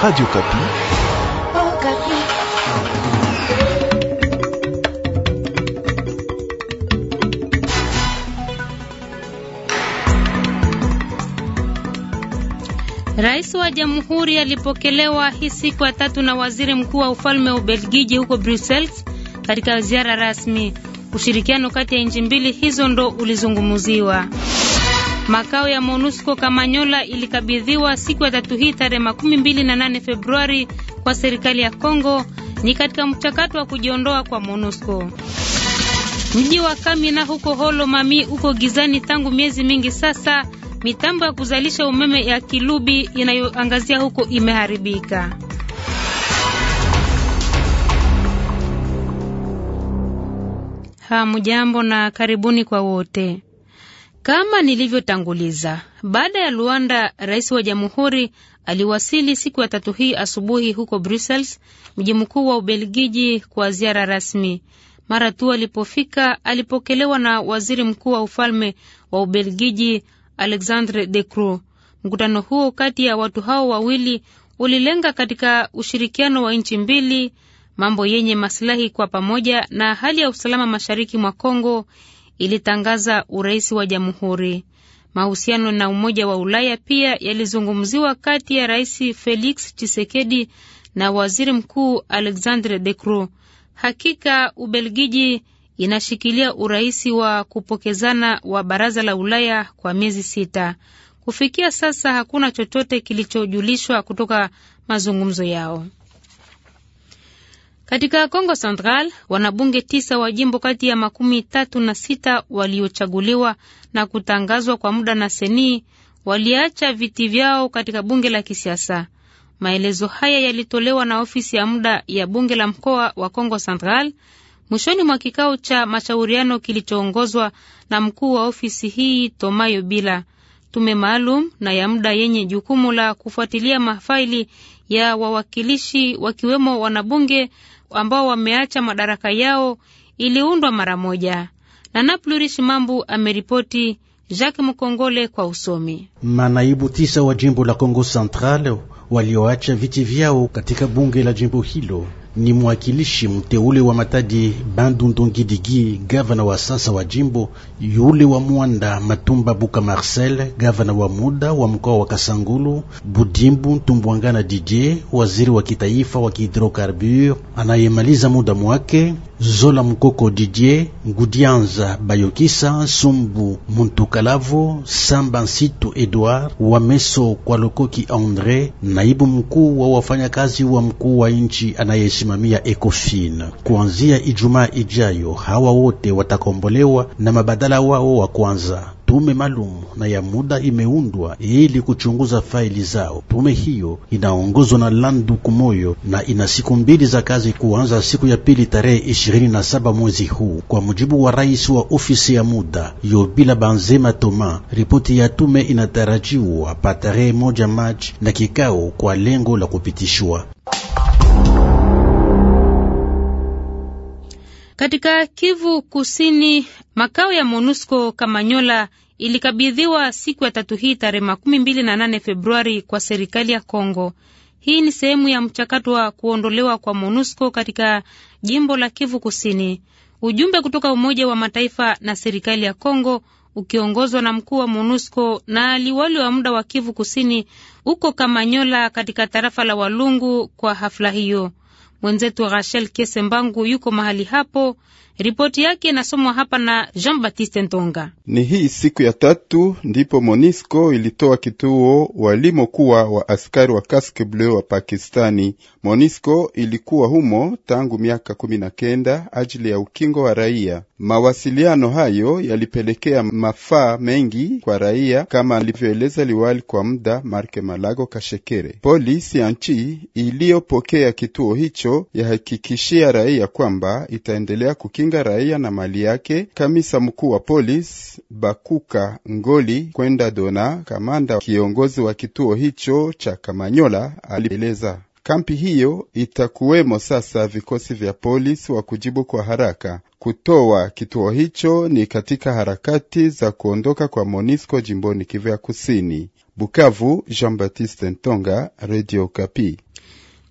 Radio Kapi. Oh, Kapi. Rais wa Jamhuri alipokelewa hii siku ya tatu na Waziri Mkuu wa Ufalme wa Ubelgiji huko Brussels katika ziara rasmi. Ushirikiano kati ya nchi mbili hizo ndo ulizungumziwa. Makao ya MONUSCO Kamanyola ilikabidhiwa siku ya tatu hii tarehe makumi mbili na nane Februari kwa serikali ya Kongo. Ni katika mchakato wa kujiondoa kwa MONUSCO. Mji wa Kamina huko Holo Mami uko gizani tangu miezi mingi sasa. Mitambo ya kuzalisha umeme ya Kilubi inayoangazia huko imeharibika. Hamjambo na karibuni kwa wote. Kama nilivyotanguliza, baada ya Luanda, rais wa jamhuri aliwasili siku ya tatu hii asubuhi huko Brussels, mji mkuu wa Ubelgiji, kwa ziara rasmi. Mara tu alipofika, alipokelewa na waziri mkuu wa ufalme wa Ubelgiji, Alexandre De Croo. Mkutano huo kati ya watu hao wawili ulilenga katika ushirikiano wa nchi mbili, mambo yenye masilahi kwa pamoja na hali ya usalama mashariki mwa Kongo ilitangaza urais wa jamhuri. Mahusiano na Umoja wa Ulaya pia yalizungumziwa kati ya Rais Felix Tshisekedi na Waziri Mkuu Alexandre De Croo. Hakika Ubelgiji inashikilia urais wa kupokezana wa Baraza la Ulaya kwa miezi sita. Kufikia sasa hakuna chochote kilichojulishwa kutoka mazungumzo yao. Katika Kongo Central wanabunge tisa wa jimbo kati ya makumi tatu na sita waliochaguliwa na kutangazwa kwa muda na seni waliacha viti vyao katika bunge la kisiasa. Maelezo haya yalitolewa na ofisi ya muda ya bunge la mkoa wa Kongo Central mwishoni mwa kikao cha mashauriano kilichoongozwa na mkuu wa ofisi hii Tomayo Bila. Tume maalum na ya muda yenye jukumu la kufuatilia mafaili ya wawakilishi wakiwemo wanabunge ambao wameacha madaraka yao iliundwa mara moja. Nana Plurish Mambu ameripoti. Jacques Mkongole kwa usomi. Manaibu tisa wa jimbo la congo Central walioacha viti vyao katika bunge la jimbo hilo ni mwakilishi mteule wa Matadi Bandu Ndongidigi, gavana wa sasa wa jimbo, yule wa Mwanda Matumba Buka Marcel, gavana wa muda wa mkoa wa Kasangulu, Budimbu Ntumbwangana DJ, waziri wa kitaifa wa hidrokarbure anayemaliza muda mwake, Zola Mkoko DJ, Ngudianza Bayokisa, Sumbu Muntukalavo, Samba Nsitu Edouard, Wameso Kwalokoki Andre, naibu mkuu wa wafanyakazi wa mkuu wa nchi anayesi kusimamia ECOFIN. Kuanzia Ijumaa ijayo, hawa wote watakombolewa na mabadala wao wa kwanza. Tume maalum na ya muda imeundwa ili kuchunguza faili zao. Tume hiyo inaongozwa na Landu Kumoyo na ina siku mbili za kazi, kuanza siku ya pili tarehe 27 mwezi huu, kwa mujibu wa rais wa ofisi ya muda Yobila Banzema Toma. Ripoti ya tume inatarajiwa pa tarehe moja Machi na kikao kwa lengo la kupitishwa Katika Kivu Kusini, makao ya MONUSCO Kamanyola ilikabidhiwa siku ya tatu hii tarehe makumi mbili na nane Februari kwa serikali ya Kongo. Hii ni sehemu ya mchakato wa kuondolewa kwa MONUSCO katika jimbo la Kivu Kusini. Ujumbe kutoka Umoja wa Mataifa na serikali ya Kongo ukiongozwa na mkuu wa MONUSCO na liwali wa muda wa Kivu Kusini huko Kamanyola katika tarafa la Walungu kwa hafla hiyo. Mwenzetu Rachel Kesembangu yuko mahali hapo Ripoti yake inasomwa hapa na Jean Baptiste Ntonga. Ni hii siku ya tatu ndipo Monisco ilitoa kituo walimokuwa wa askari wa Casque Bleu wa Pakistani. Monisco ilikuwa humo tangu miaka kumi na kenda ajili ya ukingo wa raia. Mawasiliano hayo yalipelekea mafaa mengi kwa raia, kama alivyoeleza liwali kwa muda Marke Malago Kashekere. Polisi ya nchi iliyopokea kituo hicho yahakikishia raia kwamba itaendelea kukinga kukinga raia na mali yake. Kamisa mkuu wa polisi Bakuka Ngoli kwenda Dona, kamanda kiongozi wa kituo hicho cha Kamanyola, alieleza kampi hiyo itakuwemo sasa vikosi vya polisi wa kujibu kwa haraka kutoa kituo hicho ni katika harakati za kuondoka kwa Monisco jimboni Kivu ya Kusini. Bukavu, Jean Baptiste Ntonga, Radio Kapi.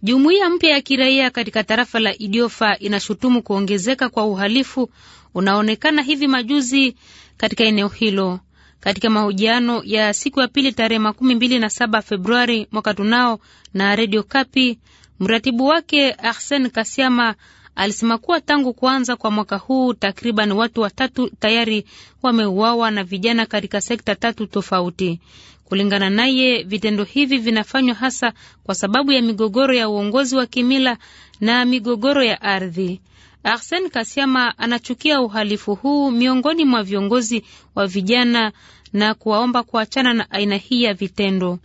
Jumuiya mpya ya kiraia katika tarafa la Idiofa inashutumu kuongezeka kwa uhalifu unaonekana hivi majuzi katika eneo hilo. Katika mahojiano ya siku ya pili tarehe makumi mbili na saba Februari mwaka tunao na redio Kapi, mratibu wake Arsen Kasiama alisema kuwa tangu kuanza kwa mwaka huu takriban watu watatu tayari wameuawa na vijana katika sekta tatu tofauti. Kulingana naye, vitendo hivi vinafanywa hasa kwa sababu ya migogoro ya uongozi wa kimila na migogoro ya ardhi. Arsen Kasiama anachukia uhalifu huu miongoni mwa viongozi wa vijana na kuwaomba kuachana na aina hii ya vitendo.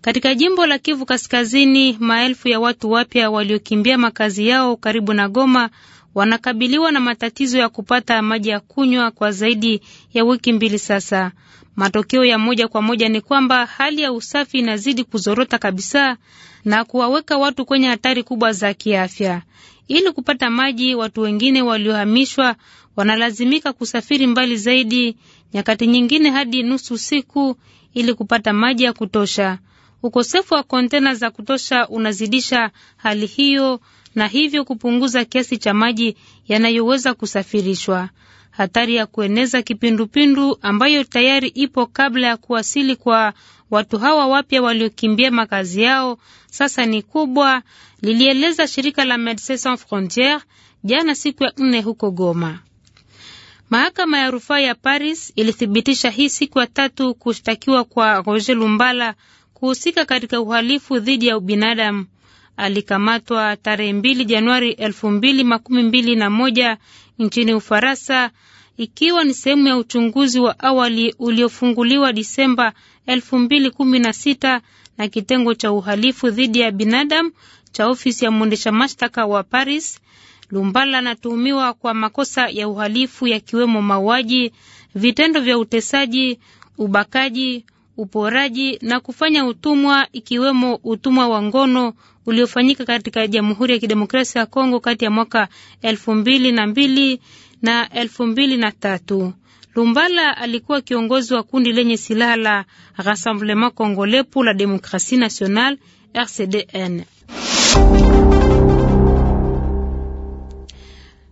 Katika jimbo la Kivu Kaskazini, maelfu ya watu wapya waliokimbia makazi yao karibu na Goma wanakabiliwa na matatizo ya kupata maji ya kunywa kwa zaidi ya wiki mbili sasa. Matokeo ya moja kwa moja ni kwamba hali ya usafi inazidi kuzorota kabisa na kuwaweka watu kwenye hatari kubwa za kiafya. Ili kupata maji, watu wengine waliohamishwa wanalazimika kusafiri mbali zaidi, nyakati nyingine hadi nusu siku, ili kupata maji ya kutosha. Ukosefu wa kontena za kutosha unazidisha hali hiyo na hivyo kupunguza kiasi cha maji yanayoweza kusafirishwa hatari ya kueneza kipindupindu ambayo tayari ipo kabla ya kuwasili kwa watu hawa wapya waliokimbia makazi yao sasa ni kubwa, lilieleza shirika la Medecins Sans Frontieres jana siku ya nne huko Goma. Mahakama ya rufaa ya Paris ilithibitisha hii siku ya tatu kushtakiwa kwa Roger Lumbala kuhusika katika uhalifu dhidi ya ubinadamu alikamatwa tarehe mbili Januari elfu mbili makumi mbili na moja nchini Ufaransa, ikiwa ni sehemu ya uchunguzi wa awali uliofunguliwa Disemba elfu mbili kumi na sita na kitengo cha uhalifu dhidi ya binadamu cha ofisi ya mwendesha mashtaka wa Paris. Lumbala anatuhumiwa kwa makosa ya uhalifu yakiwemo mauaji, vitendo vya utesaji, ubakaji uporaji na kufanya utumwa, ikiwemo utumwa wa ngono uliofanyika katika Jamhuri ya Kidemokrasia ya Kongo kati ya mwaka elfu mbili na mbili na elfu mbili na tatu. Lumbala alikuwa kiongozi wa kundi lenye silaha la Rassemblement Congolais pour la Démocratie Nationale RCDN.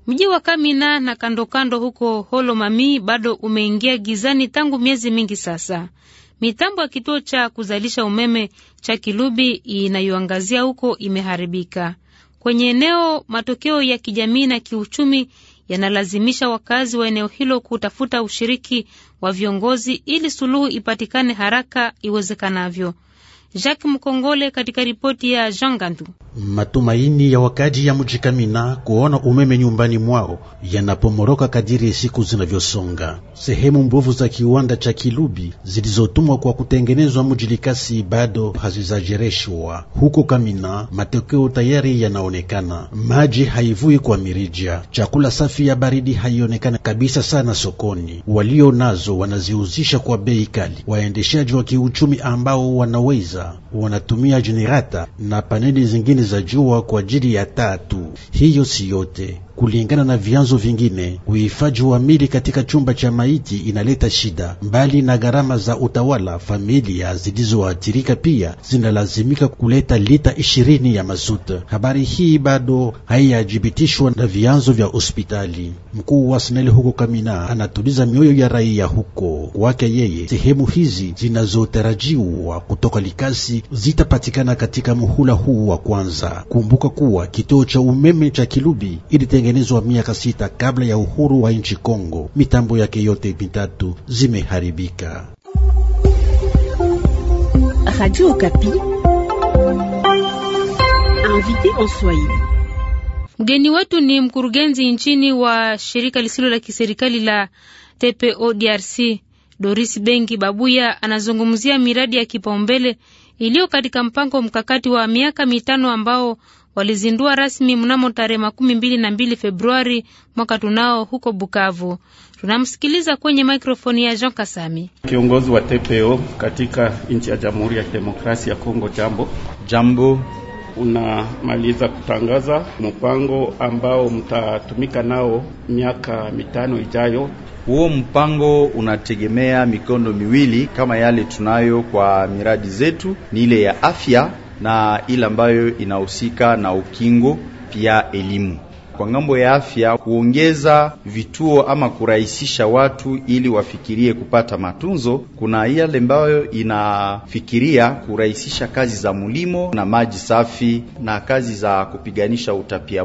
Mji wa Kamina na kandokando kando huko Holomami bado umeingia gizani tangu miezi mingi sasa. Mitambo ya kituo cha kuzalisha umeme cha Kilubi inayoangazia huko imeharibika. Kwenye eneo, matokeo ya kijamii na kiuchumi yanalazimisha wakazi wa eneo hilo kutafuta ushiriki wa viongozi ili suluhu ipatikane haraka iwezekanavyo. Jacques Mkongole katika ripoti ya Jean Gandu. Matumaini ya wakaji ya mji Kamina kuona umeme nyumbani mwao yanapomoroka kadiri siku zinavyosonga. Sehemu mbovu za kiwanda cha Kilubi zilizotumwa kwa kutengenezwa mji Likasi bado hazizajereshwa. Huko Kamina matokeo tayari yanaonekana. Maji haivui kwa mirija, chakula safi ya baridi haionekana kabisa sana sokoni. Walio nazo wanaziuzisha kwa bei kali. Waendeshaji wa kiuchumi ambao wanaweza wanatumia jenerata na paneli zingine za jua kwa ajili ya tatu Hiyo si yote, kulingana na vyanzo vingine, uhifadhi wa mili katika chumba cha maiti inaleta shida. Mbali na gharama za utawala, familia zilizoathirika pia zinalazimika kuleta lita ishirini ya mazuta. Habari hii bado haiyajibitishwa na vyanzo vya hospitali. Mkuu wa SNEL huko Kamina anatuliza mioyo ya raia huko kwake yeye, sehemu hizi zinazotarajiwa kutoka lika kazi zitapatikana katika muhula huu wa kwanza. Kumbuka kuwa kituo cha umeme cha Kilubi ilitengenezwa miaka sita kabla ya uhuru wa nchi Kongo. Mitambo yake yote mitatu zimeharibika. Radio Okapi Mgeni wetu ni mkurugenzi nchini wa shirika lisilo la kiserikali la TPO DRC. Doris Bengi Babuya anazungumzia miradi ya kipaumbele iliyo katika mpango mkakati wa miaka mitano ambao walizindua rasmi mnamo tarehe makumi mbili na mbili Februari mwaka tunao huko Bukavu. Tunamsikiliza kwenye mikrofoni ya Jean Kasami, kiongozi wa TPO katika nchi ya Jamhuri ya Kidemokrasia ya Kongo. Jambo jambo, unamaliza kutangaza mpango ambao mtatumika nao miaka mitano ijayo huo mpango unategemea mikondo miwili kama yale tunayo kwa miradi zetu, ni ile ya afya na ile ambayo inahusika na ukingo pia elimu kwa ngambo ya afya, kuongeza vituo ama kurahisisha watu ili wafikirie kupata matunzo. Kuna yale ambayo inafikiria kurahisisha kazi za mlimo na maji safi na kazi za kupiganisha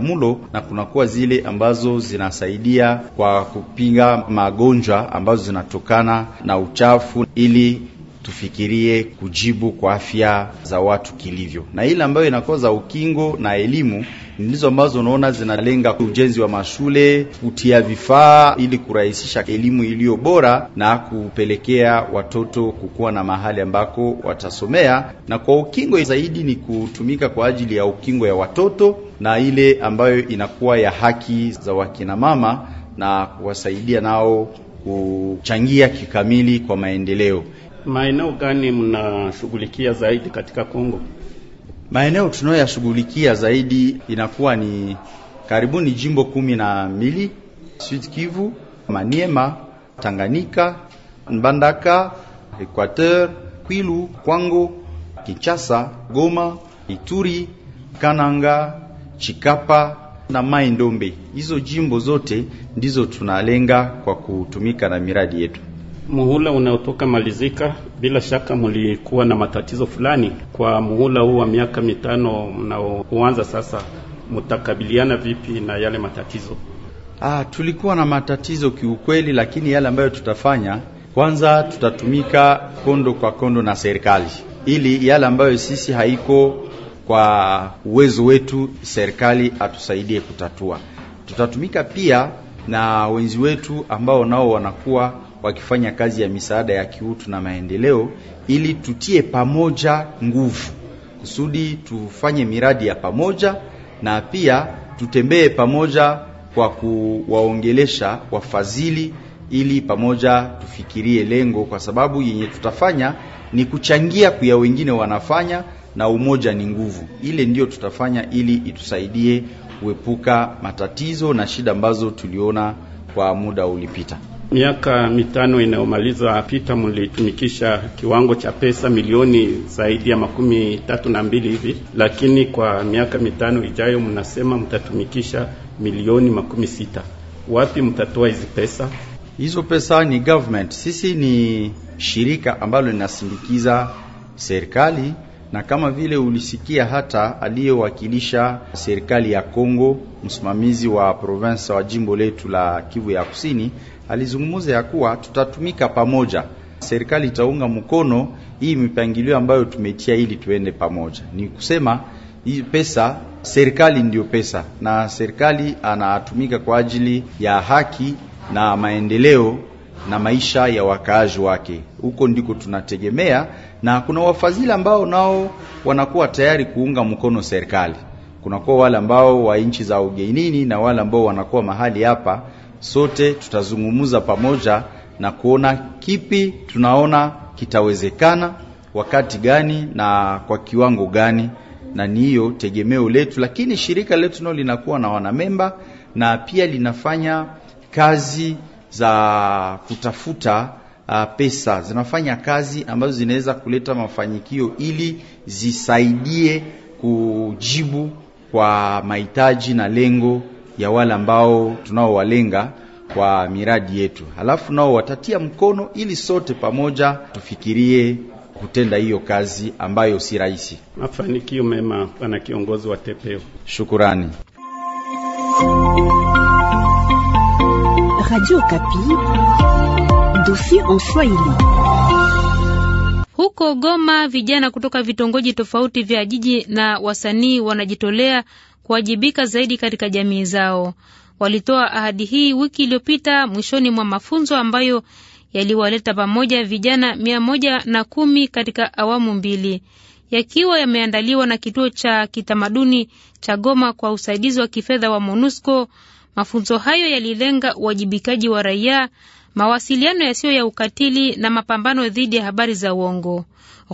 mulo, na kunakuwa zile ambazo zinasaidia kwa kupinga magonjwa ambazo zinatokana na uchafu ili tufikirie kujibu kwa afya za watu kilivyo, na ile ambayo inakoza ukingo na elimu ndizo ambazo unaona zinalenga ujenzi wa mashule, kutia vifaa ili kurahisisha elimu iliyo bora na kupelekea watoto kukuwa na mahali ambako watasomea. Na kwa ukingo zaidi ni kutumika kwa ajili ya ukingo ya watoto na ile ambayo inakuwa ya haki za wakina mama na kuwasaidia nao kuchangia kikamili kwa maendeleo. Maeneo gani mnashughulikia zaidi katika Kongo? Maeneo tunayoyashughulikia zaidi inakuwa ni karibuni jimbo kumi na mbili: Sud Kivu, Maniema, Tanganyika, Mbandaka, Equateur, Kwilu, Kwango, Kinshasa, Goma, Ituri, Kananga, Chikapa na Mai Ndombe. Hizo jimbo zote ndizo tunalenga kwa kutumika na miradi yetu. Muhula unaotoka malizika, bila shaka mlikuwa na matatizo fulani. Kwa muhula huu wa miaka mitano mnaoanza sasa, mtakabiliana vipi na yale matatizo? Ah, tulikuwa na matatizo kiukweli, lakini yale ambayo tutafanya, kwanza tutatumika kondo kwa kondo na serikali, ili yale ambayo sisi haiko kwa uwezo wetu, serikali atusaidie kutatua. Tutatumika pia na wenzi wetu ambao nao wanakuwa wakifanya kazi ya misaada ya kiutu na maendeleo, ili tutie pamoja nguvu kusudi tufanye miradi ya pamoja, na pia tutembee pamoja kwa kuwaongelesha wafadhili, ili pamoja tufikirie lengo, kwa sababu yenye tutafanya ni kuchangia kuya wengine wanafanya, na umoja ni nguvu. Ile ndiyo tutafanya ili itusaidie kuepuka matatizo na shida ambazo tuliona kwa muda ulipita miaka mitano inayomaliza pita mlitumikisha kiwango cha pesa milioni zaidi ya makumi tatu na mbili hivi, lakini kwa miaka mitano ijayo mnasema mtatumikisha milioni makumi sita. Wapi mtatoa hizi pesa? Hizo pesa ni government. Sisi ni shirika ambalo linasindikiza serikali, na kama vile ulisikia hata aliyewakilisha serikali ya Kongo, msimamizi wa province wa jimbo letu la Kivu ya Kusini alizungumza ya kuwa tutatumika pamoja, serikali itaunga mkono hii mipangilio ambayo tumetia ili tuende pamoja. Ni kusema hii pesa serikali ndiyo pesa, na serikali anatumika kwa ajili ya haki na maendeleo na maisha ya wakaaji wake. Huko ndiko tunategemea, na kuna wafadhili ambao nao wanakuwa tayari kuunga mkono serikali. Kunakuwa wale ambao wa nchi za ugenini na wale ambao wanakuwa mahali hapa sote tutazungumza pamoja na kuona kipi tunaona kitawezekana wakati gani na kwa kiwango gani, na ni hiyo tegemeo letu. Lakini shirika letu nao linakuwa na wanamemba na pia linafanya kazi za kutafuta uh, pesa, zinafanya kazi ambazo zinaweza kuleta mafanikio ili zisaidie kujibu kwa mahitaji na lengo ya wale ambao tunaowalenga kwa miradi yetu, halafu nao watatia mkono ili sote pamoja tufikirie kutenda hiyo kazi ambayo si rahisi. Mafanikio mema, bwana kiongozi wa Tepeo. Shukurani. Radio Kapi, dossier en Swahili. Huko Goma, vijana kutoka vitongoji tofauti vya jiji na wasanii wanajitolea kuwajibika zaidi katika jamii zao. Walitoa ahadi hii wiki iliyopita mwishoni mwa mafunzo ambayo yaliwaleta pamoja vijana mia moja na kumi katika awamu mbili yakiwa yameandaliwa na kituo cha kitamaduni cha Goma kwa usaidizi wa kifedha wa MONUSCO. Mafunzo hayo yalilenga uwajibikaji wa raia, mawasiliano yasiyo ya ukatili na mapambano dhidi ya habari za uongo.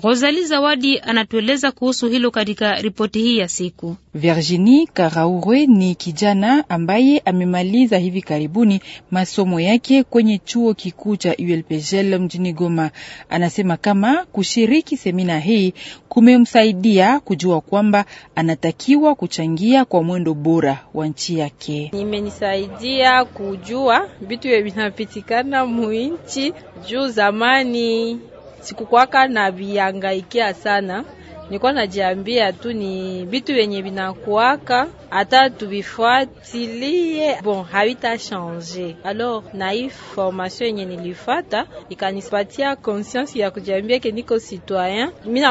Rosali Zawadi anatueleza kuhusu hilo katika ripoti hii ya siku. Virginie Karaure ni kijana ambaye amemaliza hivi karibuni masomo yake kwenye chuo kikuu cha ULPGL mjini Goma. Anasema kama kushiriki semina hii kumemsaidia kujua kwamba anatakiwa kuchangia kwa mwendo bora wa nchi yake. Nimenisaidia kujua vitu vinapitikana muinchi juu zamani sikukwaka na viangaikia sana, nilikuwa najiambia tu ni vitu vyenye vinakuaka hata tuvifuatilie, bon havita changer. Alors na hii formation yenye nilifata ikanipatia conscience ya kujiambia ke niko citoyen, mimi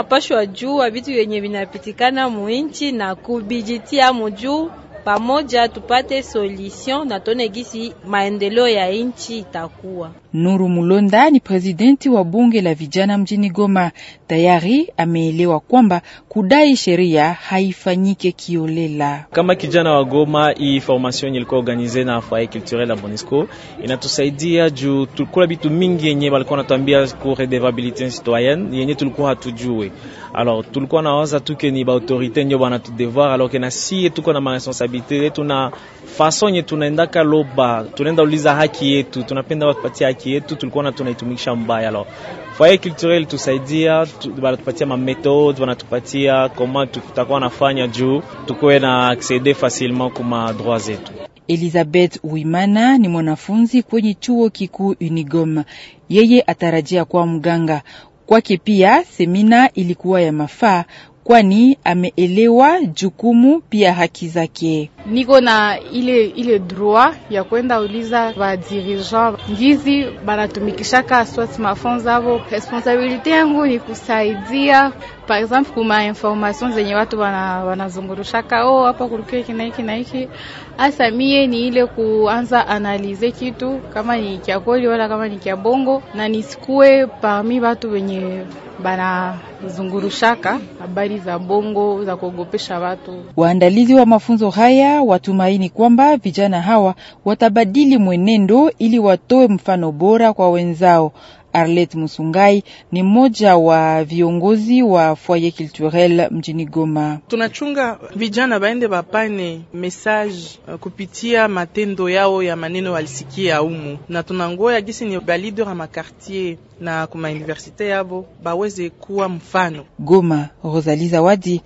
jua vitu vyenye vinapitikana muinchi na kubijitia mujuu pamoja tupate solution na tone gisi maendeleo ya nchi itakuwa. Nuru Mulonda ni presidenti wa bunge la vijana mjini Goma. Tayari ameelewa kwamba kudai sheria haifanyike kiolela. Kama kijana wa Goma, hii formation ilikuwa organize na foyer culturel la Bonisco inatusaidia juu tulikuwa bitu mingi yenye walikuwa wanatuambia ku redevabilite citoyenne yenye tulikuwa hatujue. Alors tulikuwa nawaza tuke ni ba autorite ndio bana tu devoir alors que na si tuko na ma responsabilité responsabilite yetu na fasonye tunaendaka loba, tunaenda uliza haki yetu, tunapenda watupatia haki yetu, tulikuwa na tunaitumikisha mbaya. Lo, foyer culturel tusaidia, wanatupatia ma methode, wanatupatia koma tutakuwa nafanya juu tukuwe na accede facilement kuma droit zetu. Elizabeth Uimana ni mwanafunzi kwenye chuo kikuu Unigom, Yeye atarajia kuwa mganga. Kwake pia semina ilikuwa ya mafaa kwani ameelewa jukumu pia haki zake. Niko na ile ile droa ya kwenda uliza ba dirigeant ngizi banatumikishaka swati mafunzo avo. Responsabilite yangu ni kusaidia, par exemple kuma information zenye watu wanazungurushaka wana oh, hapa kulikia hiki na hiki na hiki. Hasa mie ni ile kuanza analize kitu kama ni kya kweli wala kama ni kya bongo, na nisikue parmi watu wenye banazungurushaka habari za bongo za kuogopesha watu. Waandalizi wa mafunzo haya watumaini kwamba vijana hawa watabadili mwenendo ili watoe mfano bora kwa wenzao. Arlet Musungai ni mmoja wa viongozi wa Foyer Culturel mjini Goma. Tunachunga vijana baende bapane message uh, kupitia matendo yao ya maneno walisikia umu, na tunangoya gisi ni ya makartier na kuma universite yabo baweze kuwa mfano. Goma, Rosalie Zawadi,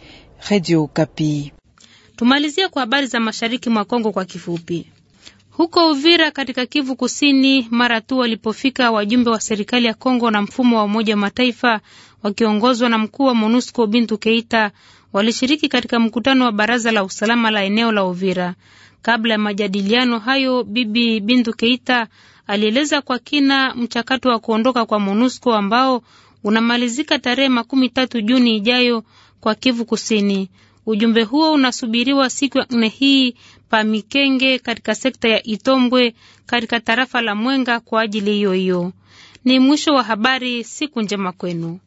Radio Kapi. Tumalizia kwa habari za mashariki mwa Kongo kwa kifupi. Huko Uvira katika Kivu Kusini, mara tu walipofika wajumbe wa serikali ya Kongo na mfumo wa Umoja wa Mataifa wakiongozwa na mkuu wa MONUSCO Bintu Keita walishiriki katika mkutano wa baraza la usalama la eneo la Uvira. Kabla ya majadiliano hayo, Bibi Bintu Keita alieleza kwa kina mchakato wa kuondoka kwa MONUSCO ambao unamalizika tarehe makumi tatu Juni ijayo kwa Kivu Kusini. Ujumbe huo unasubiriwa siku ya nne hii pa Mikenge katika sekta ya Itombwe katika tarafa la Mwenga kwa ajili hiyo hiyo. Ni mwisho wa habari. Siku njema kwenu.